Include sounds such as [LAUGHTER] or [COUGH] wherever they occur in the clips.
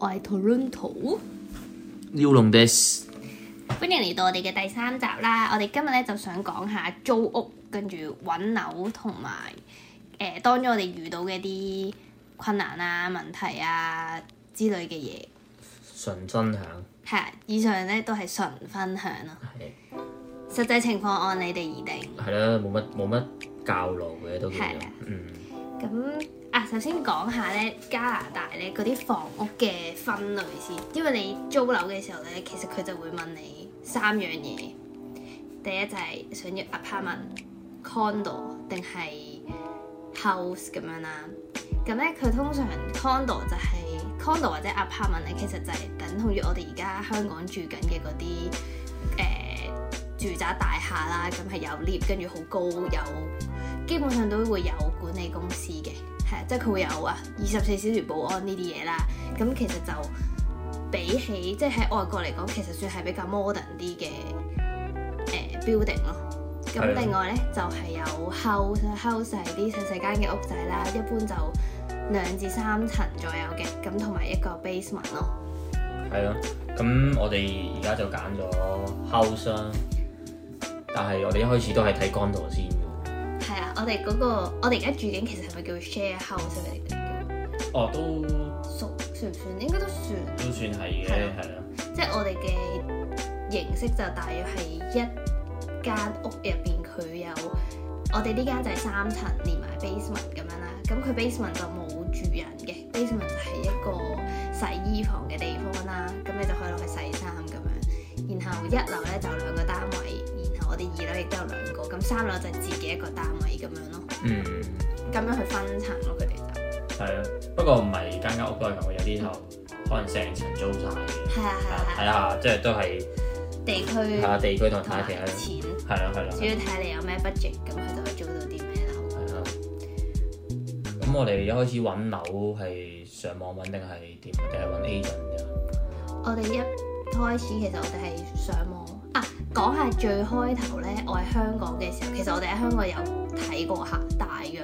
我係 Toronto，New Long Days，歡迎嚟到我哋嘅第三集啦！我哋今日咧就想講下租屋，跟住揾樓同埋誒，當中我哋遇到嘅啲困難啊、問題啊之類嘅嘢。純、啊、分享係以上咧都係純分享咯，係、啊、實際情況按你哋而定。係啦、啊，冇乜冇乜教路嘅都叫做、啊、嗯。咁啊、首先講下咧加拿大咧嗰啲房屋嘅分類先，因為你租樓嘅時候咧，其實佢就會問你三樣嘢。第一就係想要 apartment、condo 定係 house 咁樣啦。咁咧佢通常 condo 就係、是、condo 或者 apartment 咧，其實就係等同於我哋而家香港住緊嘅嗰啲誒住宅大廈啦。咁係有 lift 跟住好高，有基本上都會有管理公司嘅。係即係佢會有啊，二十四小時保安呢啲嘢啦。咁其實就比起即係喺外國嚟講，其實算係比較 modern 啲嘅誒 building 咯。咁、啊、另外咧就係、是、有 house house 細啲細細間嘅屋仔啦，一般就兩至三層左右嘅，咁同埋一個 basement 咯。係咯、啊，咁我哋而家就揀咗 house 啦，但係我哋一開始都係睇 condo 先。我哋嗰、那個，我哋而家住緊，其實係咪叫 share house 嚟嘅？哦，都熟算，算唔算？應該都算，都算係嘅，係啦。即係我哋嘅形式就大約係一間屋入邊，佢有我哋呢間就係三層，連埋 basement 咁樣啦。咁佢 basement 就冇住人嘅，basement 係一個洗衣房嘅地方啦。咁你就可以落去洗衫咁樣。然後一樓咧就兩個單位。第二樓亦都有兩個，咁三樓就自己一個單位咁樣咯。嗯，咁樣去分層咯，佢哋就係啊。不過唔係間間屋都係咁嘅，有啲就可能成層租晒嘅。係啊係啊，睇下即係都係地區，係啊地區同睇下地嘅錢。係咯係咯，主要睇下你有咩 budget，咁佢就可以租到啲咩樓。係啊。咁我哋一開始揾樓係上網揾定係點？定係揾 agent 嘅？我哋一開始其實我哋係上網。講、啊、下最開頭呢，我喺香港嘅時候，其實我哋喺香港有睇過下大約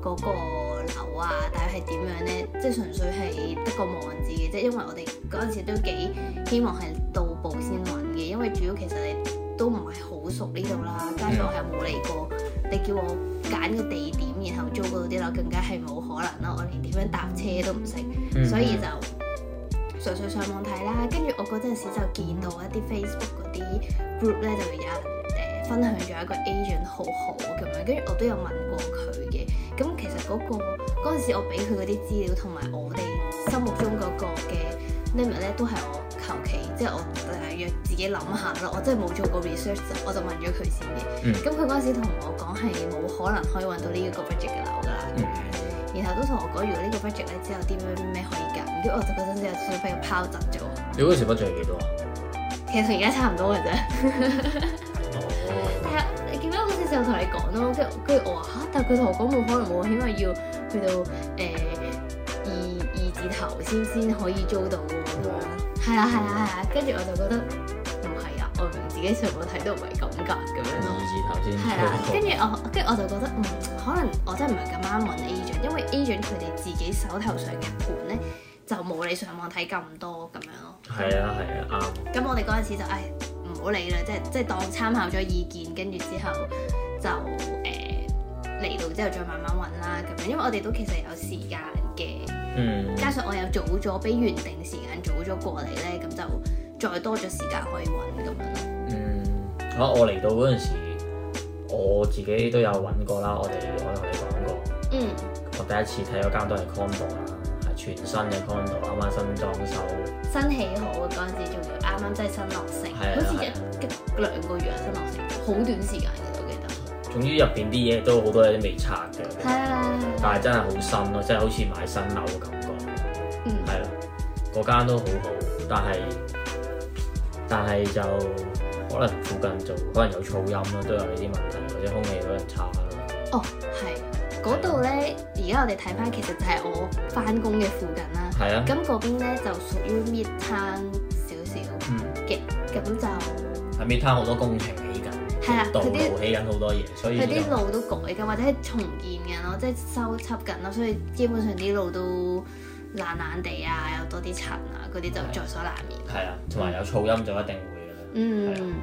嗰個樓啊，大約係點樣呢？即係純粹係得個望字嘅啫，因為我哋嗰陣時都幾希望係到步先揾嘅，因為主要其實你都唔係好熟呢度啦，加上我係冇嚟過，你叫我揀個地點，然後租嗰啲樓，更加係冇可能啦，我連點樣搭車都唔識，所以就。嗯就上上網睇啦，跟住我嗰陣時就見到一啲 Facebook 嗰啲 group 咧，就會有人誒分享咗一個 agent 好好咁樣，跟住我都有問過佢嘅。咁其實嗰個嗰陣時我俾佢嗰啲資料同埋我哋心目中嗰個嘅 name 咧，都係我求其，即係我大約自己諗下咯。我真係冇做過 research，我就問咗佢先嘅。咁佢嗰陣時同我講係冇可能可以揾到呢一個 budget 啦。然後都同我講，如果個呢個 budget 咧，只有啲咩咩可以揀，唔知我就做嗰陣就全部要拋擲咗。哦、你嗰時 budget 係幾多啊？其實同而家差唔多嘅啫。但係你見到我嗰陣就同你講咯，跟住跟住我話，但係佢同我講冇可能喎，因為要去到誒、呃、二二字頭先先可以租到喎咁樣。係啊係啊係啊，跟住、啊啊、我就覺得唔係啊，啊，我同自己上網睇都唔係咁覺咁咩樣二字頭先。係啊，跟住我跟住我就覺得嗯，可能我真係唔係咁啱揾因為 agent 佢哋自己手頭上嘅盤咧，就冇你上網睇咁多咁樣咯。係啊，係啊，啱。咁我哋嗰陣時就唉，唔好理啦，即係即係當參考咗意見，跟住之後就誒嚟、欸、到之後再慢慢揾啦咁樣。因為我哋都其實有時間嘅，嗯，加上我又早咗，比原定時間早咗過嚟咧，咁就再多咗時間可以揾咁樣咯。嗯，好，我嚟到嗰陣時，我自己都有揾過啦。我哋我同你講過，嗯。第一次睇嗰間都係 condo 啊，全新嘅 condo 啱啱新裝修，新起好嗰陣時仲要啱啱即係新落成，好似一兩個月啊新落成，好短時間嘅，我記得。總之入邊啲嘢都好多有啲未拆嘅，但係真係好新咯，即係好似買新樓嘅感覺，係啦、嗯，嗰間都好好，但係但係就可能附近就可能有噪音咯，都有呢啲問題，或者空氣可能差咯。哦。Oh. 嗰度咧，而家我哋睇翻，其實就係我翻工嘅附近啦。係啊。咁嗰邊咧就屬於 Midtown 少少嘅，咁、嗯、就係 Midtown 好多工程起緊，係啦、啊，佢啲起緊好多嘢，的所以佢啲路都改緊或者係重建緊咯，即係修葺緊咯，所以基本上啲路都爛爛地啊，有多啲塵啊，嗰啲就在所難免。係啊，同埋有，有噪音就一定會嘅啦。嗯。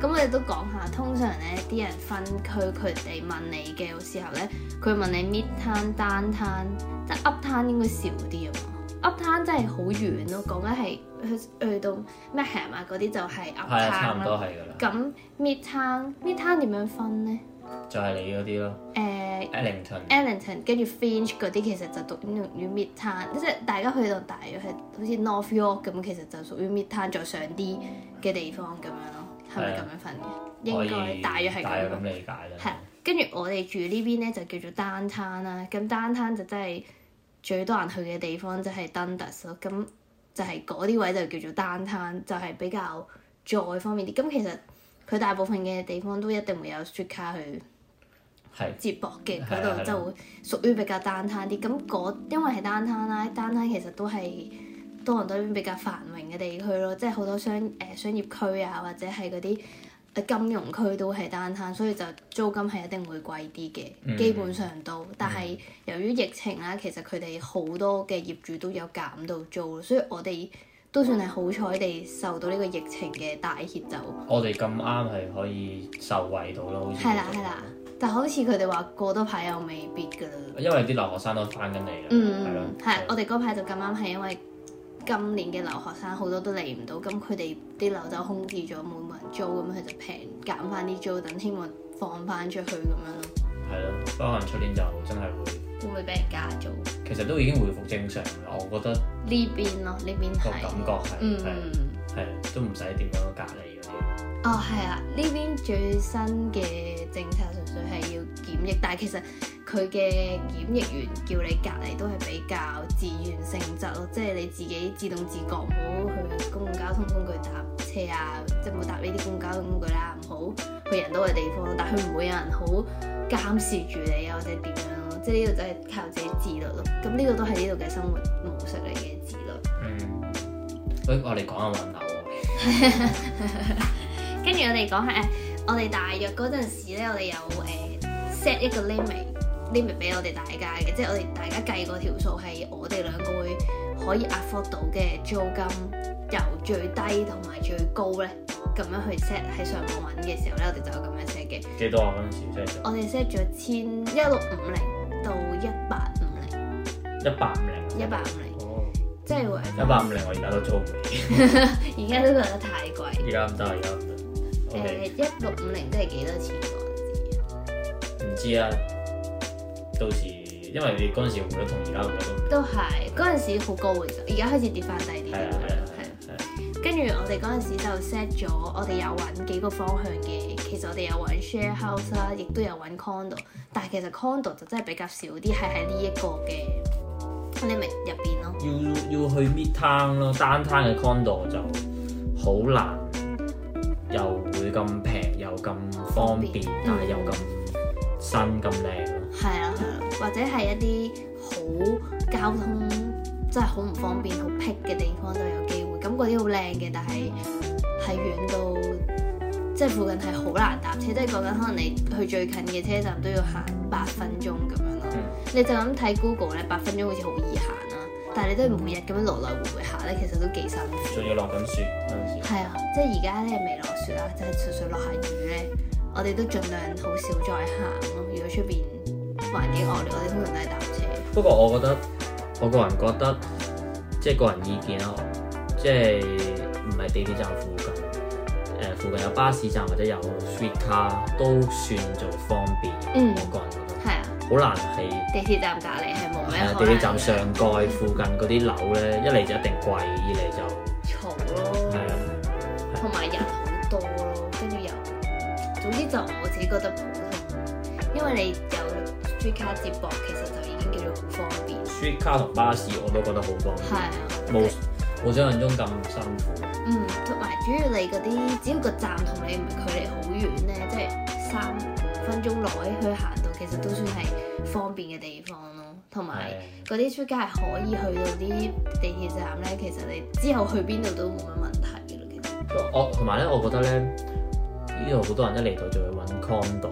噉我哋都講下，通常呢啲人分區，佢哋問你嘅。有時候呢，佢問你：「Midtown、Downtown，即係 Uptown 應該少啲喎。Uptown 真係好遠囉。講緊係去到 Markham、哎、呀嗰啲，就係 Uptown。」係差唔多係嘅喇。噉 Midtown 點樣分呢？就係你嗰啲囉。呃、Eglinton 跟住、e、Finch 嗰啲，其實就讀英文叫 Midtown。即大家去到大約係好似 North York 噉，其實就屬於 Midtown，再上啲嘅地方噉樣。係咪咁樣分嘅？以應該大約係咁樣。係跟的、嗯、住我哋住呢邊咧，就叫做 Downtown 啦。咁 Downtown 就真係最多人去嘅地方，就係 Dundas 咯。咁就係嗰啲位就叫做 Downtown，就係比較在方便啲。咁其實佢大部分嘅地方都一定會有雪卡去接駁嘅，嗰度的就會屬於比較 Downtown 啲。咁、那、嗰、個、因為係 Downtown 啦，Downtown 其實都係。多倫多呢邊比較繁榮嘅地區咯，即係好多商誒、呃、商業區啊，或者係嗰啲金融區都係單攤，所以就租金係一定會貴啲嘅，嗯、基本上都。但係由於疫情啦，其實佢哋好多嘅業主都有減到租，所以我哋都算係好彩地受到呢個疫情嘅帶挈。我哋咁啱係可以受惠到咯，好，係啦係啦，但好似佢哋話過多排又未必㗎啦。因為啲留學生都翻緊嚟啦，係啦，係我哋嗰排就咁啱係因為。今年嘅留學生好多都嚟唔到，咁佢哋啲樓就空置咗，冇人租，咁佢就平減翻啲租，等希望放翻出去咁樣咯。係咯，可能出年就真係會。會唔會俾人加租？其實都已經回復正常我覺得。呢邊咯，呢邊係感覺係，係係、嗯、都唔使點樣隔離嗰啲。哦，係啊，呢邊最新嘅政策純粹係要檢疫，但係其實佢嘅檢疫員叫你隔離都係比較自願性質咯，即係你自己自動自覺，唔好去公共交通工具搭車啊，即係唔好搭呢啲公共交通工具啦，唔好去人多嘅地方，但係佢唔會有人好監視住你啊或者點樣咯，即係呢度就係靠自己自律咯。咁呢個都係呢度嘅生活模式嚟嘅自律。嗯，誒、哎，我哋講下物流。 [LAUGHS] [LAUGHS] 跟住我哋講下誒，我哋大約嗰陣時咧，我哋有誒 set 一個 limit，limit 俾我哋大家嘅，即係我哋大家計嗰條數係我哋兩個會可以 afford 到嘅租金，由最低同埋最高咧，咁樣去 set。喺上網揾嘅時候咧，我哋就咁樣 set 嘅。幾多啊？嗰陣時 set？我哋 set 咗千一六五零到一八五零。一八五零。一八五零。哦。即係話一八五零，我而家都租唔起。而家都覺得太貴。而家唔得而家。誒，一六五零都係幾多錢，嗰陣時唔知啊，到時因為你嗰陣時用咗同而家用咗都都係嗰時好高嘅，而家開始跌翻低啲嘅，係啊，跟住我哋嗰陣時就 set 咗，我哋有揾幾個方向嘅，其實我哋有揾 share house 啦、嗯，亦都有揾 condo，但係其實 condo 就真係比較少啲，係喺呢一個嘅你明，入邊咯。要要去 mid town 咯，downtown 嘅 condo 就好難又。咁平又咁方便，嗯、但係又咁新咁靚咯。係啊、嗯，或者係一啲好交通真係好唔方便、好僻嘅地方都有機會。咁嗰啲好靚嘅，但係係、嗯、遠到即係附近係好難搭車，即係講緊可能你去最近嘅車站都要行八分鐘咁樣咯。嗯、你就咁睇 Google 咧，八分鐘好似好易行啦。但係你都要每日咁樣來來回回行咧，其實都幾辛苦。仲要落緊雪。嗯。係啊，即係而家咧未落雪啦，就係純粹落下雨咧，我哋都盡量好少再行咯、哦。如果出邊環境惡劣，我哋通常都係搭車。不過我覺得，我個人覺得，即係個人意見啦，即係唔係地鐵站附近，誒、呃，附近有巴士站或者有 free car 都算做方便。嗯。我個人覺得係啊，好難係地鐵站隔籬係冇咩。地鐵站上蓋附近嗰啲樓咧，嗯、一嚟，就一定貴，二嚟就。同埋人好多咯，跟住又，總之就我自己覺得普通，因為你有 street car 接駁，其實就已經叫做好方便。Street car 同巴士我都覺得好方便，係啊，冇、okay。冇想像中咁辛苦。嗯，同埋主要你嗰啲，只要個站同你唔係距離好遠咧，即係三五分鐘內去行到，其實都算係方便嘅地方咯。同埋嗰啲 street car 係可以去到啲地鐵站咧，其實你之後去邊度都冇乜問題。我同埋咧，我覺得咧，呢度好多人一嚟到就會揾 condo，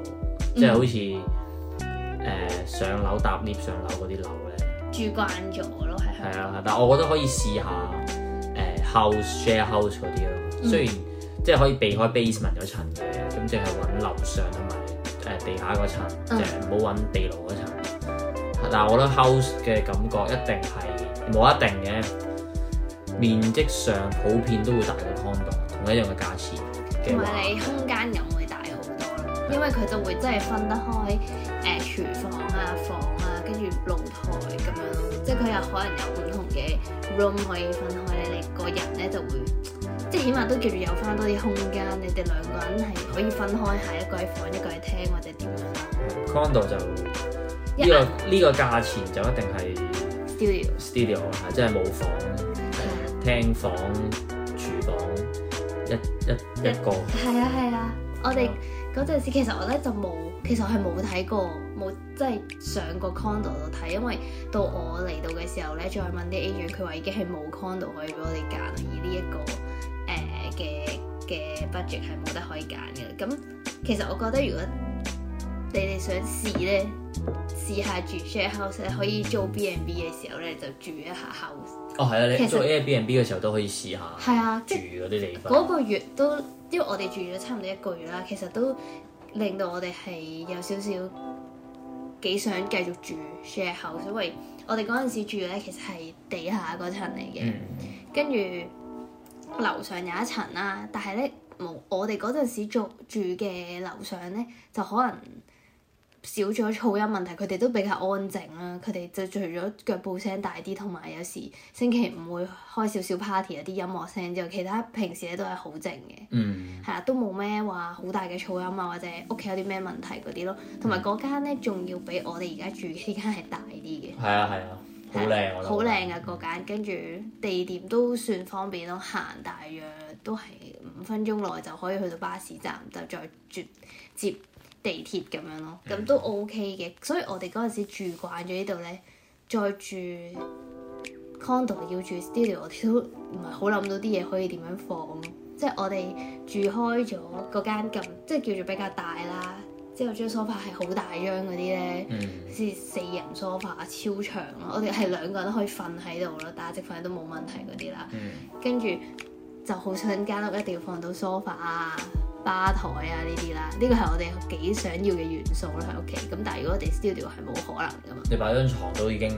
即係好似誒、呃、上樓搭 lift 上樓啲樓咧。住慣咗咯，喺係啊，嗯、但係我覺得可以試下誒、呃、house share house 啲咯。雖然、嗯、即係可以避開 basement 嗰層嘅，咁淨係揾樓上同埋誒地下嗰層，就係唔好揾地牢嗰層。嗯、但係我覺得 house 嘅感覺一定係冇一定嘅，面積上普遍都會大。一樣嘅價錢，同埋你空間又會大好多咯，因為佢就會真係分得開誒、呃、廚房啊，房啊，跟住露台咁樣，即係佢又可能有唔同嘅 room 可以分開咧，你個人咧就會即係起碼都叫做有翻多啲空間，你哋兩個人係可以分開，一個喺房，一個喺廳或者點樣。Condo 就呢、呢個呢眼個價錢就一定係 studio，studio 係即係冇房廳房。嗯聽房一一,一個係啊係啊，我哋嗰陣時其實我咧就冇，其實我係冇睇過，冇即係上過 condo 度睇，因為到我嚟到嘅時候咧，再問啲 agent，佢話已經係冇 condo 可以俾我哋揀，而呢、這、一個誒嘅嘅 budget 係冇得可以揀嘅。咁其實我覺得如果你哋想試咧，試下住 share house 咧，可以租 B and B 嘅時候咧，就住一下 house。哦，係啊！你做 Airbnb 嘅時候都可以試下住嗰啲地方。嗰個月都因為我哋住咗差唔多一個月啦，其實都令到我哋係有少少幾想繼續住 share house，因為我哋嗰陣時住咧其實係地下嗰層嚟嘅，跟住樓上有一層啦。但係咧冇我哋嗰陣時住嘅樓上咧，就可能。少咗噪音問題，佢哋都比較安靜啦。佢哋就除咗腳步聲大啲，同埋有，有時星期五會開少少 party 有啲音樂聲之外，其他平時咧都係好靜嘅。嗯，係啊，都冇咩話好大嘅噪音啊，或者屋企有啲咩問題嗰啲咯。同埋嗰間咧仲要比我哋而家住嗰間係大啲嘅。係啊係啊，好靚、啊啊、我覺得好靚噶嗰間，跟住地點都算方便咯，行大約都係五分鐘內就可以去到巴士站，就再接接，地鐵咁樣咯，咁都 O K 嘅，所以我哋嗰陣時住慣咗呢度咧，再住 condo 要住 studio，我都唔係好諗到啲嘢可以點樣放咯。即係我哋住開咗嗰間咁，即係叫做比較大啦，之後張梳 o f 係好大張嗰啲咧，好似、嗯、四人梳 o 超長咯，我哋係兩個人都可以瞓喺度咯，打直瞓都冇問題嗰啲啦。跟住、嗯、就好想間屋一定要放到梳 o 啊！吧台啊呢啲啦，呢個係我哋幾想要嘅元素啦，喺屋企。咁但係如果我哋 studio 係冇可能噶嘛。你擺張床都已經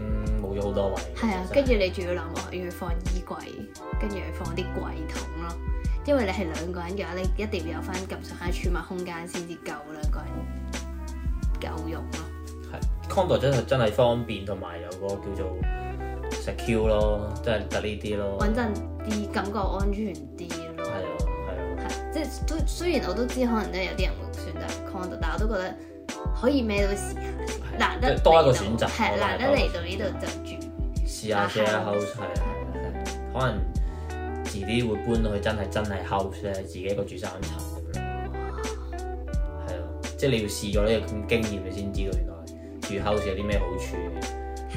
冇咗好多位。係啊，跟住你仲要諗我要放衣櫃，跟住要放啲櫃桶咯。因為你係兩個人嘅話，你一定要有翻咁上下儲物空間先至夠兩個人夠用咯。係 condo 真係真係方便，同埋有個叫做 secure 咯，即係得呢啲咯。穩陣啲，感覺安全啲。即係都雖然我都知可能都有啲人會選擇 condo，但係我都覺得可以咩都試下，的難得多一個選擇係的難得嚟到呢度就住試下 share house 係、啊，可能遲啲會搬到去真係真係 house 咧自己一個住三層咁樣，係咯哇，即係你要試咗呢個經驗你先知道原來住 house 有啲咩好處，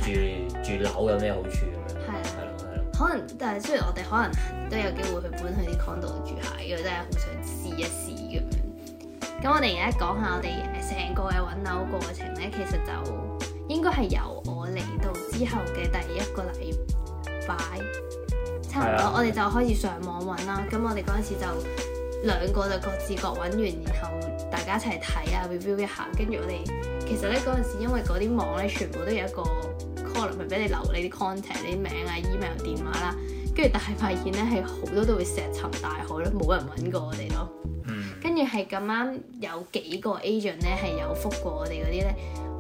住 [LAUGHS] 住樓有咩好處。可能，但係雖然我哋可能都有機會去搬去啲 condo 住下，因為真係好想試一試咁樣。咁我哋而家講下我哋成個嘅揾樓過程咧，其實就應該係由我嚟到之後嘅第一個禮拜，差唔多。了我哋就開始上網揾啦。咁我哋嗰陣時就兩個就各自各揾完，然後大家一齊睇啊 review 一下。跟住我哋其實咧嗰陣時，因為嗰啲網咧全部都有一個。可能咪俾你留你啲 contact 你啲名啊 email 電話啦，跟住但係發現咧係好多都會石沉大海咯，冇人揾過我哋咯。嗯。 [NOISE] 跟住係咁啱有幾個 agent 咧係有覆，覆過我哋嗰啲咧，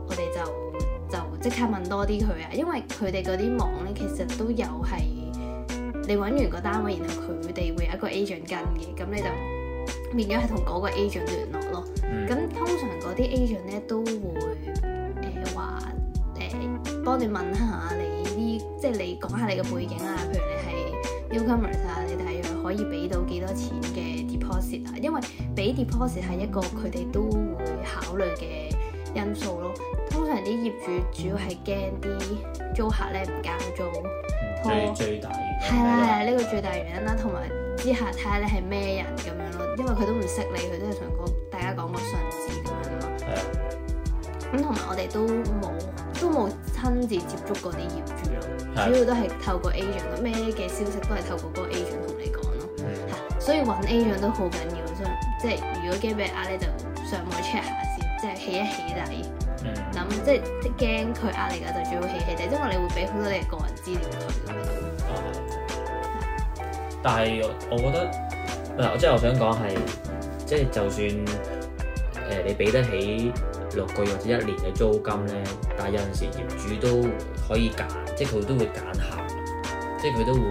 我哋就就即刻問多啲佢啊，因為佢哋嗰啲網咧其實都有係你揾完個單位，然後佢哋會有一個 agent 跟嘅，咁你就變咗係同嗰個 agent 聯絡咯。咁 [NOISE] 通常嗰啲 agent 咧都會。幫你問下你呢，即係你講下你嘅背景啊，譬如你係 newcomers 啊，你睇下可以俾到幾多錢嘅 deposit 啊，因為俾 deposit 係一個佢哋都會考慮嘅因素咯。通常啲業主主要係驚啲租客咧唔交租，最拖，係啦係啊，呢的的個最大原因啦，同埋啲客睇下看看你係咩人咁樣咯，因為佢都唔識你，佢都係同個大家講個信字咁樣嘛。咁同埋我哋都冇，都冇親自接觸過啲業主咯，的主要都係透過 agent，咩嘅消息都係透過嗰個 agent 同你講咯。嚇、嗯啊，所以搵 agent 都好緊要，所以即係如果驚俾呃咧，就上網 check 下先，即係起一起底。諗、嗯、即係驚佢呃你㗎，就最好起起底，因為你會俾好多你個人資料佢咁樣。但係我，我覺得，嗱，即係我想講係，即係就算誒你俾得起，六個月或者一年嘅租金咧，但有陣時業主都可以揀，即係佢都會揀客，即係佢都會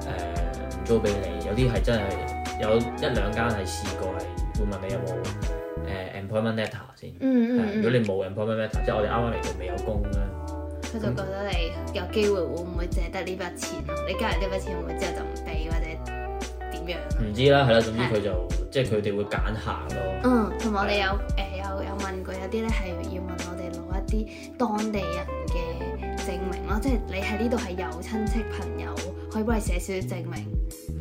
誒唔租俾你。有啲係真係有一兩間係試過係會問你有冇誒 employment letter 先。嗯，如果你冇 employment letter，即係我哋啱啱嚟到未有工咧。佢就覺得你有機會會唔會借得呢筆錢咯？你加完呢筆錢會唔會之後就唔俾或者點樣？唔知啦，係啦，總之佢就即係佢哋會揀客咯。嗯，同埋我哋有。有問過有啲咧係要問我哋攞一啲當地人嘅證明咯，即係你喺呢度係有親戚朋友可以幫你寫少少證明，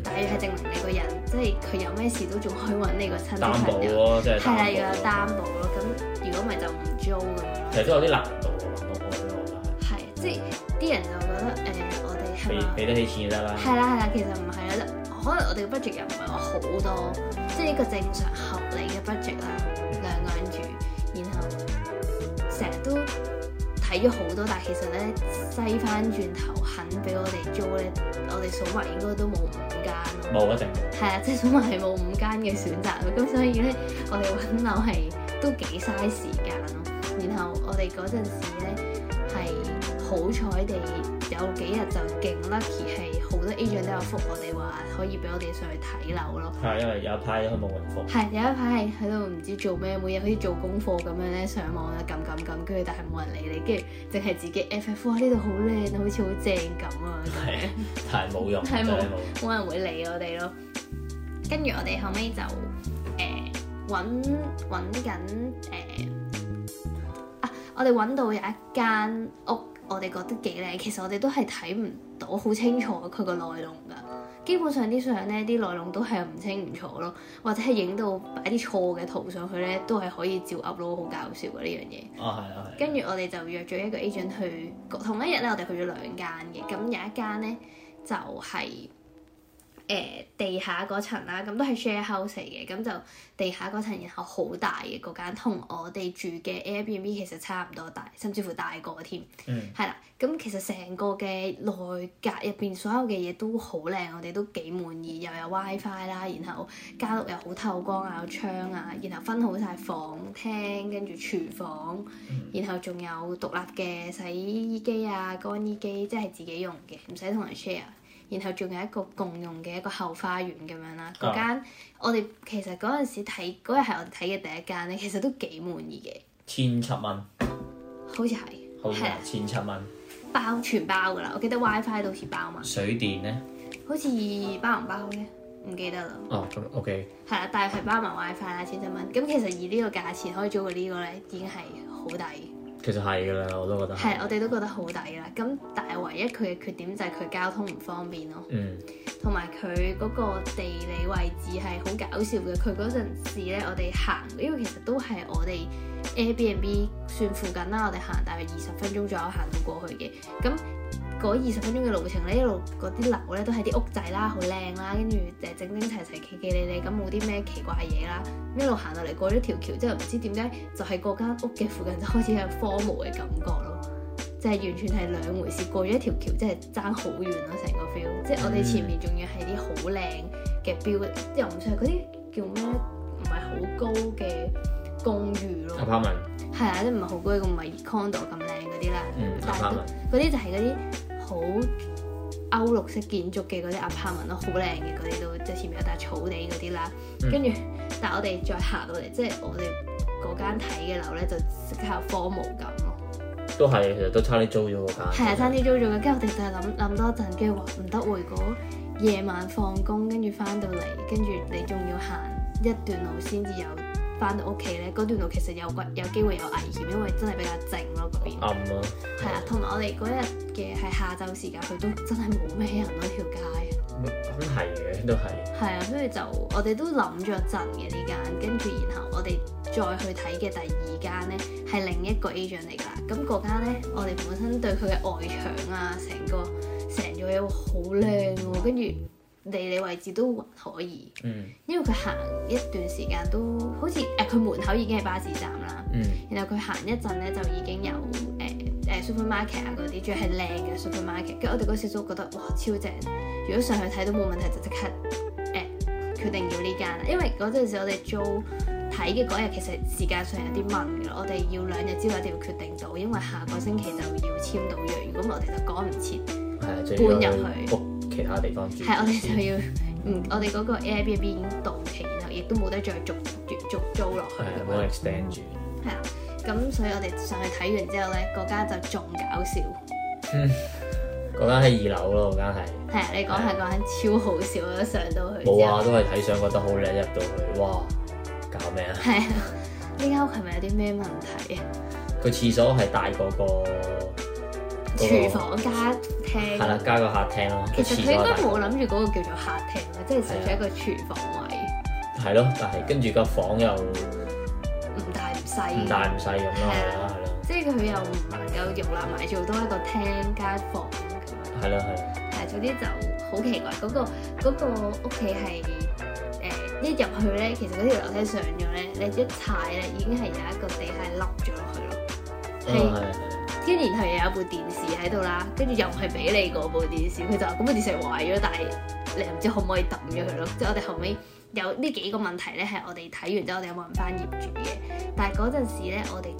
但係要係證明你個人，即係佢有咩事都仲可以揾你個親戚朋友咯，即、就、係、是。係啊對，要有擔保咯。咁如果唔係就唔租嘅。其實都有啲難度，揾到鋪嘅我覺得係。是嗯、即係啲人就覺得誒、呃，我哋係咪？俾得起錢就得啦。係啦係啦，其實唔係啦，可能我哋嘅 budget 又唔係話好多，即係呢個正常合理嘅 budget 啦。睇咗好多，但係其實咧，西翻轉頭肯俾我哋租咧，我哋數埋應該都冇五間咯，冇啊，淨係啊，即係數埋係冇五間嘅選擇咯。咁所以咧，我哋揾樓係都幾嘥時間咯。然後我哋陣時咧係好彩地有幾日就勁 lucky。好多 agent 都有覆我哋，話可以俾我哋上去睇樓咯。係因為有一排佢冇人覆。係有一排係喺度唔知做咩，每日好似做功課咁樣咧，上網啊撳撳撳，跟住但係冇人理你，跟住淨係自己 FF 哇，呢度哇好靚，好似好正咁啊。係太冇用，太冇冇人會理會我哋咯。跟住我哋後尾就誒揾揾緊誒啊！我哋揾到有一間屋，我哋覺得幾靚，其實我哋都係睇唔。我好清楚佢個內容㗎，基本上啲相咧啲內容都係唔清唔楚咯，或者係影到擺啲錯嘅圖上去咧，都係可以照噏咯，好搞笑㗎呢樣嘢。啊，係啊、哦。跟住我哋就約咗一個 agent 去，同一日咧我哋去咗兩間嘅，咁有一間咧就係、是。誒、欸、地下嗰層啦，咁都係 share house 嚟嘅，咁就地下嗰層，然後好大嘅嗰間，同我哋住嘅 Airbnb 其實差唔多大，甚至乎大過添。嗯、mm.。係啦，咁其實成個嘅內格入邊所有嘅嘢都好靚，我哋都幾滿意，又有 WiFi 啦，Fi，然後家屋又好透光啊，有窗啊，然後分好晒房廳，跟住廚房，mm. 然後仲有獨立嘅洗衣機啊、乾衣機，即係自己用嘅，唔使同人 share。然後仲有一個共用嘅一個後花園咁樣啦，嗰間、啊、我哋其實嗰陣時睇嗰日係我哋睇嘅第一間咧，其實都幾滿意嘅。千七蚊，好似係，係啊好，的千七蚊包全包㗎啦，我記得 WiFi 到時包嘛。水電咧？好似包唔包咧？唔記得啦。哦、啊，咁 OK。係啦，但係包埋 WiFi 啦，千七蚊。咁其實以呢個價錢可以租到呢個咧，已經係好抵。其實係噶啦，我都覺得係，我哋都覺得好抵啦。咁但係唯一佢嘅缺點就係佢交通唔方便咯。嗯，同埋佢嗰個地理位置係好搞笑嘅。佢嗰陣時咧，我哋行，因為其實都係我哋 Airbnb 算附近啦。我哋行大約二十分鐘左右行到過去嘅。咁嗰二十分鐘嘅路程咧，一路嗰啲樓咧都係啲屋仔啦，好靚啦，跟住誒整整齊齊、企企理理咁冇啲咩奇怪嘢啦。一路行到嚟過咗條橋，之後唔知點解就係嗰間屋嘅附近就開始有荒蕪嘅感覺咯，就係、是、完全係兩回事。過咗一條橋真係爭好遠咯，成個 feel、嗯。即係我哋前面仲要係啲好靚嘅 build 即又唔算係嗰啲叫咩？唔係好高嘅公寓咯，apartment 係啊，即係唔係好高嘅，唔係 condo 咁靚啲啦。嗯，apartment 啲就係啲。好歐陸式建築嘅嗰啲 apartment 咯，好靚嘅嗰啲都即係前面有笪草地嗰啲啦，跟住、嗯、但係我哋再行到嚟，即係我哋嗰間睇嘅樓咧，就即刻荒蕪感咯。都係，其實都差啲租咗嗰間。係啊，差啲租咗嘅，跟住我哋就係諗諗多陣，跟住話唔得，那個、如果夜晚放工，跟住翻到嚟，跟住你仲要行一段路先至有。返到屋企咧，嗰段路其實有危有機會有危險，因為真係比較靜咯，嗰邊暗咯，係啊、嗯，同埋對我哋嗰日嘅係下晝時間去、嗯、都真係冇咩人咯，條街咁係嘅，都係係啊，跟住就我哋都諗咗陣嘅呢間，跟住然後我哋再去睇嘅第二間咧係另一個 agent 嚟㗎，咁嗰間咧我哋本身對佢嘅外牆啊，成個成咗嘢好靚，跟住。地理位置都還可以，嗯、因為佢行一段時間都好似誒佢門口已經係巴士站啦，嗯、然後佢行一陣咧就已經有誒誒、呃呃、supermarket 啊嗰啲，仲要係靚嘅 supermarket，跟住我哋嗰時都覺得哇超正，如果上去睇都冇問題就即刻誒、呃、決定要呢間，因為嗰陣時我哋租睇嘅嗰日其實時間上有啲問嘅，我哋要兩日之內就要決定到，因為下個星期就要簽到約，如果唔係我哋就趕唔切搬入去。哦哦哦。其他地方住，係我哋就要，嗯， [LAUGHS] 我哋嗰個 Airbnb 已經到期啦，亦都冇得再續續租落去。係，冇 extend 住。係啊，咁、嗯嗯嗯、所以我哋上去睇完之後咧，嗰間就仲搞笑。嗯，嗰間喺二樓咯，嗰間係。係啊，你講下嗰間超好笑啊！對上到去哇、啊，都係睇相覺得好靚，入到去哇，搞咩啊？係啊，呢間屋係咪有啲咩問題啊？佢廁所係大過個廚、嗰個嗰個、房間。係啦，加個客廳咯。其實佢應該冇諗住嗰個叫做客廳咯，即係實在一個廚房位。係咯，但係跟住個房又唔大唔細，唔大唔細咁咯，係咯係咯。即係佢又唔能夠容納埋做多一個廳加房。係啦係啦。係，總之就好奇怪嗰、嗰個屋企係誒一入去咧，其實嗰條樓梯上咗咧，你一踩咧已經係有一個地係凹咗落去咯。哦係、嗯。跟住然後又有一部電視喺度啦，跟住又唔係俾你嗰部電視，佢就話：咁個電視壞咗，但係你唔知可唔可以抌咗佢咯？即係我哋後尾有呢幾個問題咧，係我哋睇完之後，我哋有問翻業主嘅。但係嗰陣時咧，我哋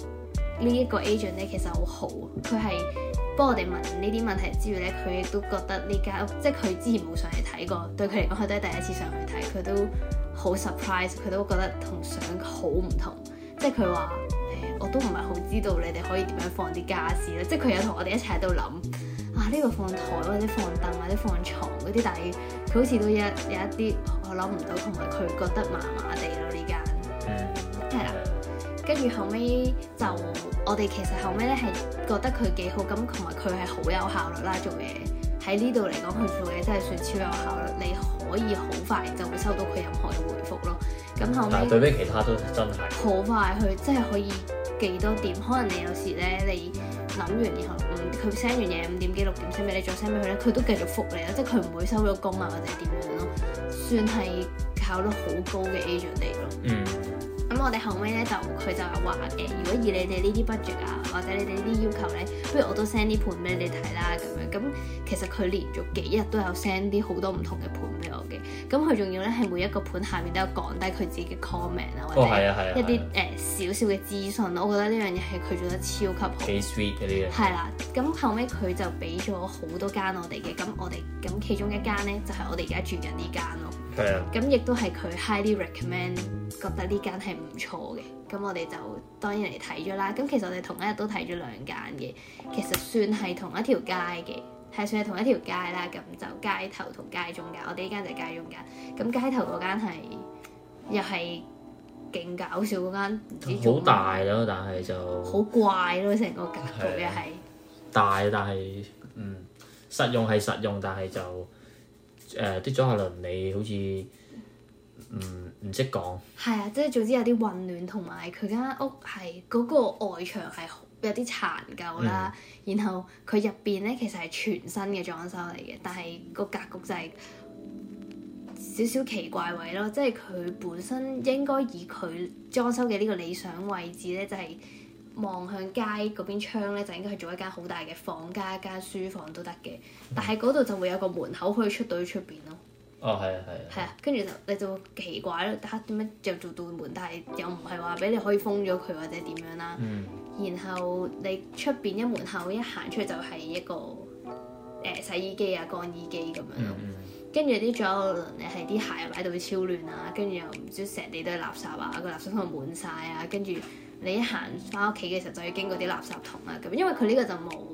呢一個 agent 咧其實好好，佢係幫我哋問呢啲問題之餘咧，佢亦都覺得呢間屋，即係佢之前冇上嚟睇過，對佢嚟講佢都係第一次上去睇，佢都好 surprise，佢都覺得同相好唔同，即係佢話。我都唔係好知道你哋可以點樣放啲家俬咧，即係佢有同我哋一齊喺度諗啊，呢個放台或者放凳或者放床嗰啲，但係佢好似都有一有一啲我諗唔到，同埋佢覺得麻麻地咯呢間，係啦，跟住、嗯嗯、後尾就我哋其實後尾咧係覺得佢幾好，咁同埋佢係好有效率啦，做嘢喺呢度嚟講，佢做嘢真係算超有效率，你可以好快就會收到佢任何嘅回覆咯。咁後尾，但對比其他都真係好快，佢真係可以。幾多點？可能你有時咧，你諗完然後，佢、嗯、send 完嘢五點幾六點 send 俾你，再 send 俾佢咧，佢都繼續復你啦。即係佢唔會收咗工啊或者點樣咯、啊，算係考得好高嘅 agent 嚟咯。嗯。我哋後尾咧就佢就話誒，如果以你哋呢啲 budget 啊，或者你哋呢啲要求咧，不如我都 send 啲盤俾你睇啦、啊，咁樣咁其實佢連續幾日都有 send 啲好多唔同嘅盤俾我嘅，咁佢仲要咧係每一個盤下面都有講低佢自己嘅 comment 啊，或者、哦、係啊、係啊、係啊、一啲誒少少嘅資訊，我覺得呢樣嘢係佢做得超級好。幾 sweet 啲啊！係啦，咁後尾，佢就俾咗好多間我哋嘅，咁我哋咁其中一間咧就係、係、我哋而家住緊呢間咯。係啊，咁亦都係佢 highly recommend，嗯、覺得呢間係唔錯嘅，咁我哋就當然嚟睇咗啦。咁其實我哋同一日都睇咗兩間嘅，其實算係同一條街嘅，係算係同一條街啦。咁就街頭同街中間，我哋呢間就街中間。咁街頭嗰間係又係勁搞笑嗰間，好大咯，但係就好怪咯，成個格局又係大，但係嗯實用係實用，但係就。誒啲裝下輪，你、呃、好似唔唔識講。係啊，即係總之有啲混亂，同埋佢間屋係嗰、嗰個外牆係有啲殘舊啦。嗯、然後佢入邊咧，其實係全新嘅裝修嚟嘅，但係個格局就係少少奇怪位咯。即係佢本身應該以佢裝修嘅呢個理想位置咧，就係、係。望向街嗰邊窗咧，就應該係做一間好大嘅房，加一間書房都得嘅。但係嗰度就會有個門口可以出到去出邊咯。哦，係啊，係。係啊，跟住就你就奇怪咯，嚇點樣又做對門？但係又唔係話俾你可以封咗佢或者點樣啦。嗯、然後你出邊一門口一行出嚟就係一個誒、呃、洗衣機啊、乾衣機咁樣咯。跟住啲左右鄰係啲鞋擺到超亂啊，跟住又唔知成地都係垃，垃圾啊，個垃圾桶又滿晒啊，跟住。你一行翻屋企嘅時候就要經過啲垃圾桶啦咁，因為佢呢個就冇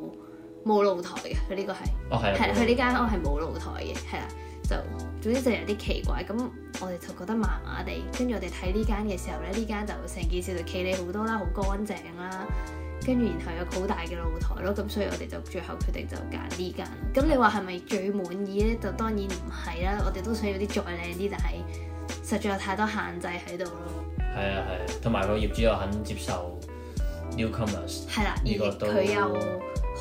冇露台嘅，佢呢個係，係啦，佢呢間屋係冇露台嘅，係啦，就總之就有啲奇怪，咁我哋就覺得麻麻地，跟住我哋睇呢間嘅時候咧，呢間就成件事就企理好多啦，好乾淨啦，跟住然後有好大嘅露台咯，咁所以我哋就最後決定就揀呢間。咁你話係咪最滿意咧？就當然唔係啦，我哋都想要啲再靚啲，但係實在有太多限制喺度咯。係啊，係啊，同埋個業主又肯接受 newcomers，係啦，而佢又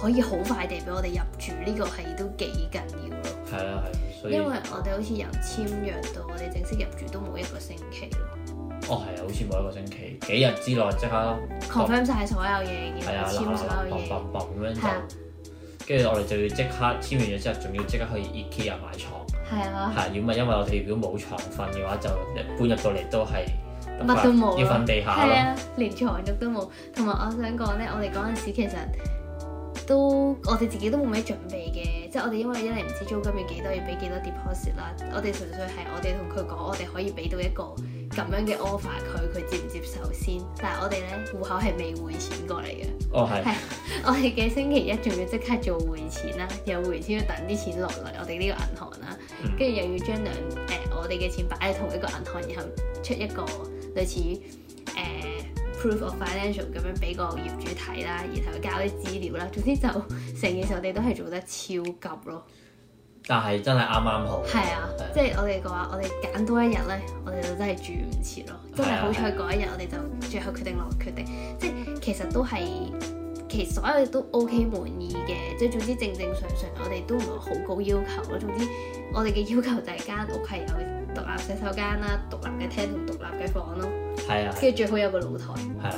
可以好快地俾我哋入住，呢、呢個係都幾緊要嘅。係啊，係、啊，所以因為我哋好似由簽約到我哋正式入住都冇一個星期咯。哦，係啊，好似冇一個星期，幾日之內即刻 confirm 晒所有嘢，啊、然後簽所有嘢，咁啊，跟住、啊、我哋就要即刻簽完咗之後，仲要即刻去 IKEA 買床。係啊，係、啊，如果唔係因為我哋如果冇床瞓嘅話，就一搬入到嚟都係。乜都冇，要瞓地下，係啊，連牀褥都冇。同埋我想講呢，我哋嗰陣時其實都我哋自己都冇咩準備嘅，即係我哋因為一嚟唔知租金要幾多，要俾幾多 deposit 啦。我哋純粹係我哋同佢講，我哋可以俾到一個咁樣嘅 offer，佢佢接唔接受先。但係我哋呢，戶口係未匯錢過嚟嘅。哦，係。我哋嘅星期一仲要即刻做匯錢啦，有匯錢要等啲錢落嚟我哋呢個銀行啦，跟住、mm. 又要將兩誒、呃、我哋嘅錢擺喺同一個銀行，然後出一個。類似誒、呃、proof of financial 咁樣俾個業主睇啦，然後交啲資料啦，總之就成件事我哋都係做得超急咯。但係真係啱啱好。係啊，啊即係我哋嘅話，我哋揀多一日呢，我哋就真係住唔切咯。啊、真係好彩嗰一日我哋就最後決定落決定，啊啊、即係其實都係其實所有都 OK 滿意嘅，即係總之正正常常我哋都唔係好高要求咯。總之我哋嘅要求就係間屋係有。獨立洗手間啦，獨立嘅廳同獨立嘅房咯，跟住的最好有個露台，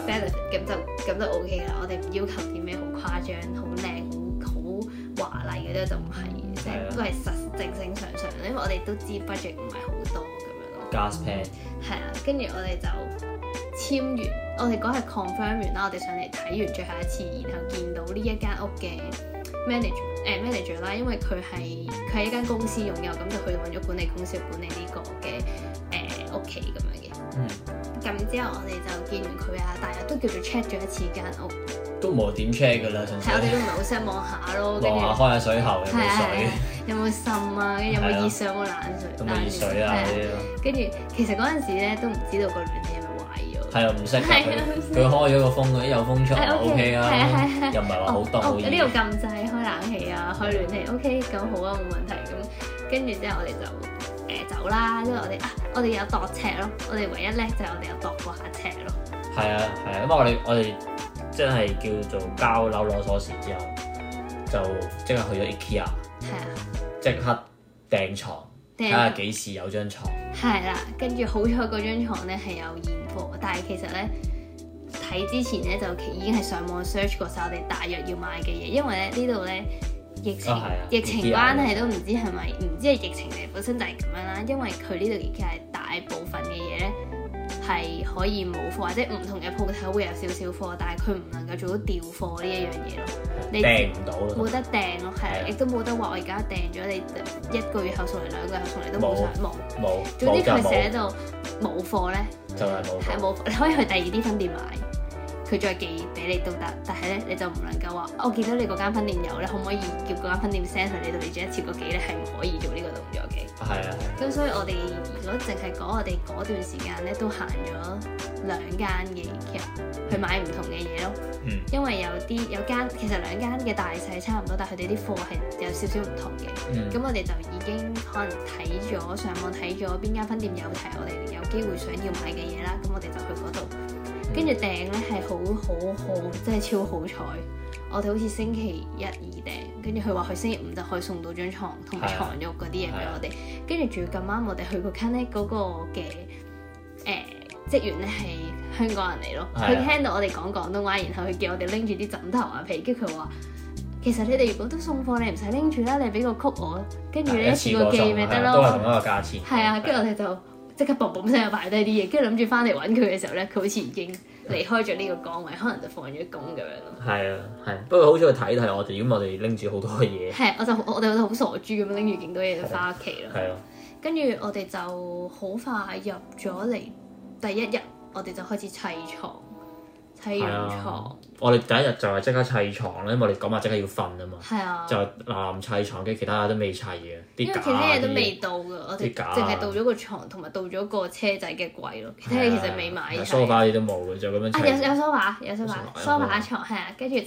咁的就咁的就 OK 啦。我哋唔要求啲咩好誇張、好靚、好華麗嘅咧，就唔係，都係實的的正，正正常常。因為我哋都知 budget 唔係好多咁樣咯。係啊的，跟住、嗯、我哋就簽完，我哋嗰係 confirm 完啦，我哋上嚟睇完最後一次，然後見到呢一間屋嘅。manage 誒 manager 啦，因為佢係佢係一間公司擁有，咁就去揾咗管理公司管理呢個嘅誒屋企咁樣嘅。嗯，咁之後我哋就見完佢啊，但係都叫做 check 咗一次間屋，都冇點 check 噶啦，純粹係我哋都唔係好識望下咯，望下開下水喉嘅水，有冇滲啊？有冇熱上個冷水，有冇熱水啊？跟住了其實嗰陣時咧都唔知道個亂㗎。係啊，唔識佢，佢開咗個風，一有風吹 O K 啊。係啊，係啊，又唔係話好凍。我呢度禁制開冷氣啊，開暖氣 O K，咁好啊，冇問題。咁跟住之後我哋就誒走啦。因為我哋啊，我哋有度尺咯，我哋唯一叻就係我哋有度過下尺咯。係啊，係啊，因為我哋我哋即係叫做交樓攞鎖匙之後，就即刻去咗 IKEA，係啊，即刻訂床。啊！幾時有張床？係啦， [NOISE] 跟住好彩嗰張牀咧係有現貨，但係其實咧睇之前咧就已經係上網 search 過晒我哋大約要買嘅嘢，因為咧呢度咧疫情、哦、疫情關係都唔知係咪，唔知係疫情嚟本身就係咁樣啦，因為佢呢度其實係大部分嘅嘢咧。係可以冇貨，或者唔同嘅鋪頭會有少少貨，但係佢唔能夠做到調貨呢一樣嘢咯。你訂唔到冇得訂咯，係亦都冇得話我而家訂咗，你一個月後送嚟，兩個月後送嚟都冇上網。冇，總之佢寫到冇貨咧，就係冇，係冇貨。你可以去第二啲分店買。佢再寄俾你都得，但係咧你就唔能夠話，我見到你嗰間分店有咧，可唔可以叫嗰間分店 send 去你度？你？即係一貼個幾咧係唔可以做呢個動作嘅。係啊。咁、啊啊、所以我哋如果淨係講我哋嗰段時間咧，都行咗兩、嗯、間嘅，其實去買唔同嘅嘢咯。因為有啲有間其實兩間嘅大細差唔多，但係佢哋啲貨係有少少唔同嘅。咁、嗯、我哋就已經可能睇咗上網睇咗邊間分店有提我哋有機會想要買嘅嘢啦，咁我哋就去嗰度，跟住訂咧係好好好，真係超好彩！我哋好似星期一、二訂，跟住佢話佢星期五就可以送到張床同埋床褥嗰啲嘢俾我哋。跟住仲要咁啱，我哋去個 Connect 嗰個嘅誒職員咧係香港人嚟咯。佢的聽到我哋講廣東話，然後佢叫我哋拎住啲枕頭啊被，跟住佢話：其實你哋如果都送貨，你唔使拎住啦，你俾個曲我。跟住咧，一次過寄咪得囉，都係同一個價錢。係啊，跟住我哋就。即刻 boom boom 聲又擺低啲嘢，跟住諗住翻嚟揾佢嘅時候咧，佢好似已經離開咗呢個崗位， [LAUGHS] 可能就放咗工咁樣咯。係啊，係、啊。不過好想去睇睇我哋，如果我哋拎住好多嘢，係、啊，我就我哋就好傻豬咁樣拎住勁多嘢就翻屋企啦。係啊，跟住、啊、我哋就好快入咗嚟，第一日我哋就開始砌床，砌完床。我哋第一日就係即刻砌床咧，因為我哋咁啊，即刻要瞓啊嘛。啊，就嗱嗱砌床，跟住其他都未砌嘅。因為佢啲嘢都未到嘅，些我哋淨係到咗個床同埋到咗個車仔嘅櫃咯。其他嘢、啊、其實未買、啊啊。梳化嘢都冇嘅，就咁樣、啊、有有梳化，有梳化，梳化，梳，化梳化床，係啊，跟住就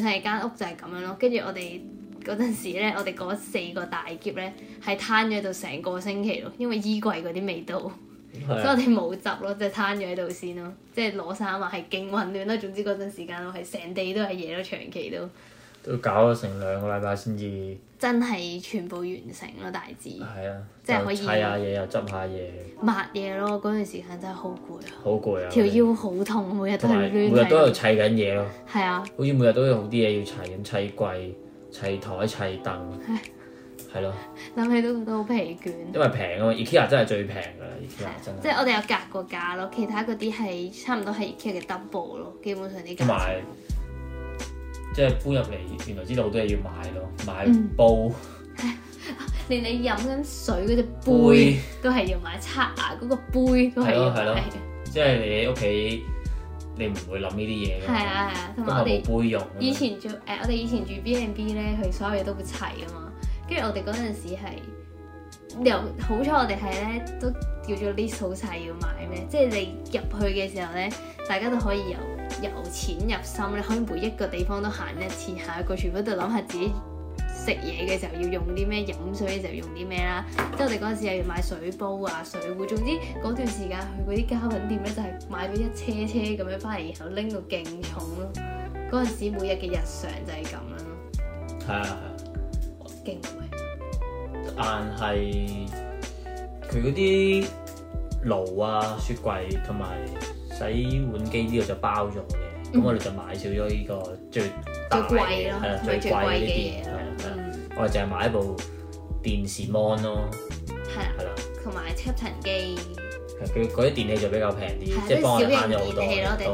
算係間屋就係咁樣咯。跟住我哋嗰陣時咧，我哋嗰四個大喼咧，係攤咗到成個星期咯，因為衣櫃嗰啲未到。 [MUSIC] 所以我哋冇執咯，即係攤咗喺度先咯，即係攞衫啊，係勁混亂啦。總之嗰陣時間我係成地都係嘢咯，長期都都搞咗成兩個禮拜先至真係全部完成咯，大致係啊，即係可以砌下嘢又執下嘢抹嘢咯。嗰陣時間真係好攰，啊，好攰啊！條腰好痛，每日都係亂係每日都有砌緊嘢咯，係啊，好似每日都有好啲嘢要砌緊，砌櫃、砌枱、砌凳。係咯，諗起都覺得好疲倦。因為平啊嘛，IKEA 真係最平噶啦，IKEA 真係。即係我哋有格過價咯，其他嗰啲係差唔多係 IKEA 嘅 double 咯，基本上呢。同埋，即係搬入嚟，原來知道好多嘢要買咯，買煲。連你飲緊水嗰隻杯都係要買，刷牙嗰個杯都係咯，係咯，即係你屋企，你唔會諗呢啲嘢㗎。係啊係啊，同埋我哋。杯用。以前住誒，我哋以前住 B and B 咧，佢所有嘢都會齊㗎嘛。因為我哋嗰陣時係，又好彩我哋係咧，都叫做 list 好晒要買咩，即係你入去嘅時候咧，大家都可以由由淺入深咧，你可以每一個地方都行一次，下一個全部都諗下自己食嘢嘅時候要用啲咩，飲水嘅時候用啲咩啦。即係我哋嗰陣時又要買水煲啊、水壺，總之嗰段時間去嗰啲家品店咧，就係買咗一車車咁樣翻嚟，然後拎到勁重咯。嗰陣時每日嘅日常就係咁樣咯。係啊係啊，勁。但係佢嗰啲爐啊、雪櫃同埋洗碗機呢個就包咗嘅，咁、嗯、我哋就買少咗呢個最大嘅，係啊，對最貴嘅嘢。我哋淨係買一部電視 mon 咯，係啊、嗯，係啦，同埋吸塵機。佢嗰啲電器就比較平啲，即係幫你慳咗好多。都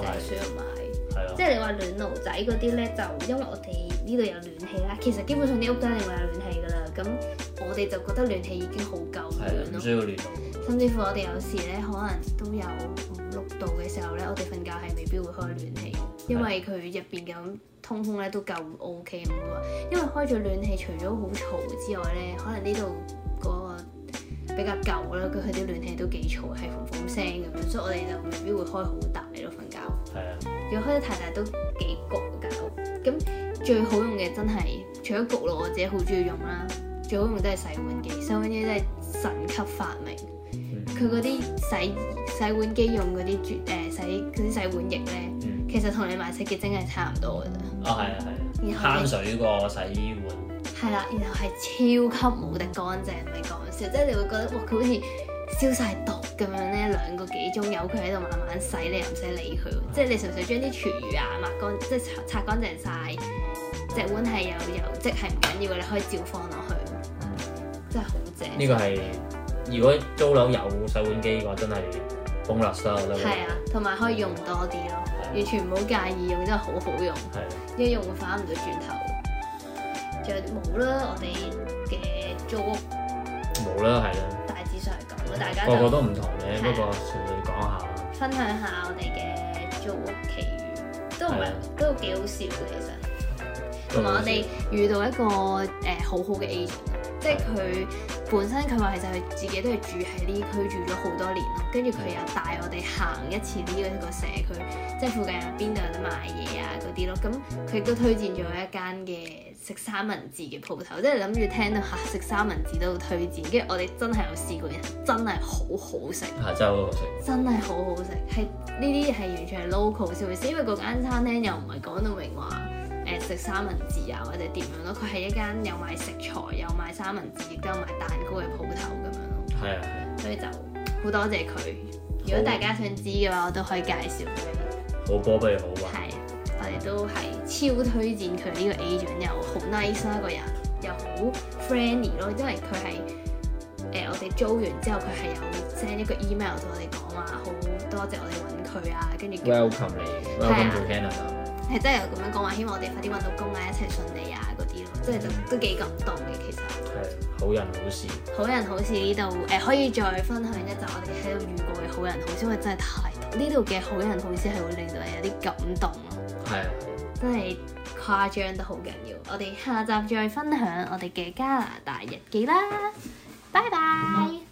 係。係咯對，即係你話暖爐仔嗰啲咧就因為我哋。呢度有暖氣啦，其實基本上啲屋都一定會有暖氣噶啦。咁我哋就覺得暖氣已經好夠暖咯。甚至乎我哋有時咧，可能都有五六度嘅時候咧，我哋瞓覺係未必會開暖氣，因為佢入邊咁通風咧都夠 OK 咁咯。因為開咗暖氣，除咗好嘈之外咧，可能呢度嗰個比較舊啦，佢啲暖氣都幾嘈，係風風聲咁樣，所以我哋就未必會開好大咯瞓覺。係啊，如果開得太大都幾焗㗎屋咁。最好用嘅真係除咗焗爐，我自己好中意用啦。最好用都係洗碗機，洗碗機真係神級發明。佢嗰啲洗洗碗機用嗰啲呃洗啲洗碗液咧，嗯、其實同你買洗潔精係差唔多嘅啫。哦、啊，係啊，係啊，慳水個洗碗。係啦、啊，然後係超級無敵乾淨，唔係講笑，即係你會覺得哇，佢好似～消晒毒咁樣咧，兩個幾鐘有佢喺度慢慢洗，你又唔使理佢，即係你純粹將啲廚餘啊抹乾，即係擦擦乾淨晒，隻碗係有油漬，即係唔緊要，你可以照放落去，真係好正。呢個係如果租樓有洗碗機嘅話，真係幫晒手，我都、嗯。啊、嗯，同、嗯、埋可以用多啲咯，對完全唔好介意用，用真係好好用，一對用反唔到轉頭。就冇啦，我哋嘅租屋冇啦，係啦，大致上係咁。大家個個都唔同嘅，不過隨隨講下，分享下我哋嘅租屋奇遇，都唔係的都幾好笑嘅，其實。同埋我哋遇到一個誒、呃、好好嘅 agent，即係佢。本身佢話其實佢自己都係住喺呢區住咗好多年咯，跟住佢又帶我哋行一次呢個社區，即係附近有邊度有得賣嘢啊嗰啲咯。咁佢都推薦咗一間嘅食三文治嘅鋪頭，即係諗住聽到嚇食三文治都推薦，跟住我哋真係有試過，人真係好好食，真係好好食，真係好好食，係呢啲係完全係 local 先會因為嗰間餐廳又唔係講到明話。食三文治啊，或者點樣咯，啊？佢係一間有賣食材、有賣三文治、亦都有賣蛋糕嘅鋪頭咁樣咯。係啊，所以就好多謝佢。如果大家想知嘅話，我都可以介紹畀你。好波不如好吧。係，我哋都係超推薦佢呢個 agent，又好 nice 啊，一個人又好 friendly 咯，啊。因為佢係誒，我哋租完之後，佢係有 send 一個 email 同我哋講話，好多謝我哋揾佢啊。跟住 Welcome 你，Welcome to Canada。係真係有咁樣講話，希望我哋快啲搵到工啊，一齊順利啊嗰啲咯，即係都都幾感動嘅其實。係好人好事。好人好事呢度誒，可以再分享一集，就係、我哋喺度遇過嘅好人好事，因為真係太多呢度嘅好人好事係會令到你有啲感動咯。係的。真係誇張得好緊要，我哋下集再分享我哋嘅加拿大日記啦，拜拜。嗯。